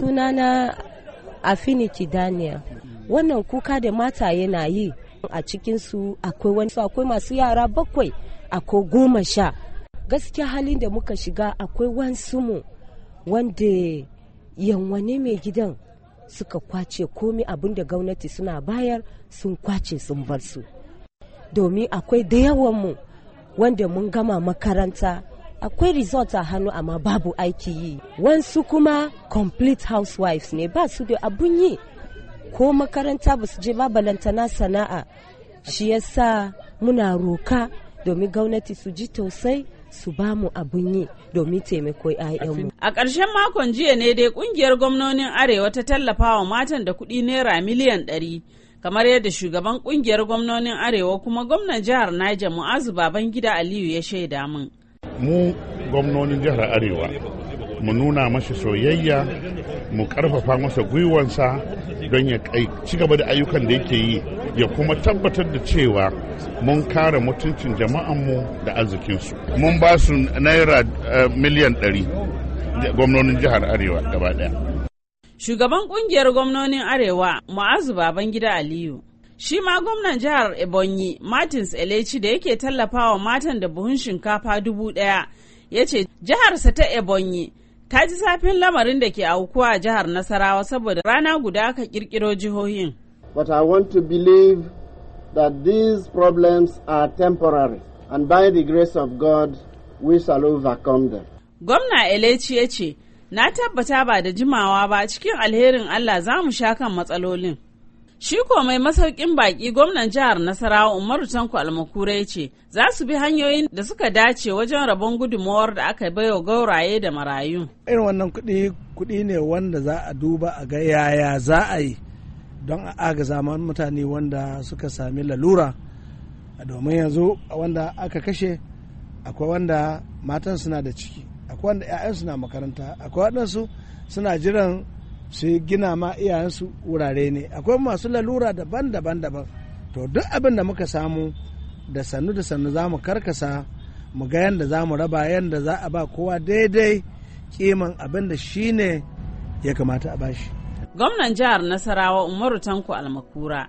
sunana affinity daniel wannan kuka da mata yana yi a cikinsu akwai wani akwai masu yara bakwai akwai goma sha gaskiya halin da muka shiga akwai wansu mu wanda yanwane mai gidan suka kwace komi abin da gwamnati suna bayar sun kwace sun bar su domin akwai da yawan yawanmu wanda mun gama makaranta akwai resort a hannu amma babu aiki yi wansu kuma complete housewives ne ba su da abun yi ko makaranta ba su je ba balantana sana'a shi yasa muna roka domin gwamnati su ji tausai su ba mu abun yi domin taimako mu A ƙarshen makon jiya ne dai ƙungiyar gwamnonin Arewa ta tallafa wa matan da kuɗi naira miliyan ɗari. Kamar yadda shugaban ƙungiyar gwamnonin Arewa kuma gwamnan jihar Niger Mu'azu Babangida Aliyu ya shaida min. mu gwamnonin jihar arewa mu nuna mashi soyayya mu karfafa masa gwiwansa don ya ci gaba da ayyukan da yake yi ya kuma tabbatar da cewa mun kare mutuncin jama'anmu da arzikinsu mun ba su naira eh, miliyan 100 gwamnonin jihar arewa gaba daya shugaban kungiyar gwamnonin arewa mu'azu babangida aliyu Shi ma gwamnan jihar Ebonyi Martins Elechi da yake tallafawa matan da buhun shinkafa dubu ɗaya ya ce jiharsa ta Ebonyi ta ji zafin lamarin da ke aukuwa a jihar Nasarawa saboda rana guda ka kirkiro jihohin. But I want to believe that these problems are temporary and by the grace of God we shall overcome them. Gwamna Elechi ya ce, Na tabbata ba da jimawa ba cikin alherin Allah za mu sha kan matsalolin. Shi ko mai masaukin baki gwamnan jihar Nasarawa Umaru Tanko Almakura ya ce za su bi hanyoyin da suka dace wajen rabon gudunmawar da aka baiwa gauraye da marayu. Irin wannan kuɗi kuɗi ne wanda za a duba a ga yaya za a yi don a agaza mutane wanda suka sami lalura domin yanzu wanda aka kashe akwai wanda matan suna da ciki akwai wanda 'ya'yan suna makaranta akwai waɗansu suna jiran su gina ma iyayensu wurare ne akwai masu lalura daban-daban daban to duk abin da muka samu da sannu da sannu za mu karkasa mu ga yadda za mu raba yadda za a ba kowa daidai kiman abin da shi ne ya kamata a bashi gwamnan jihar nasarawa umaru tanko almakura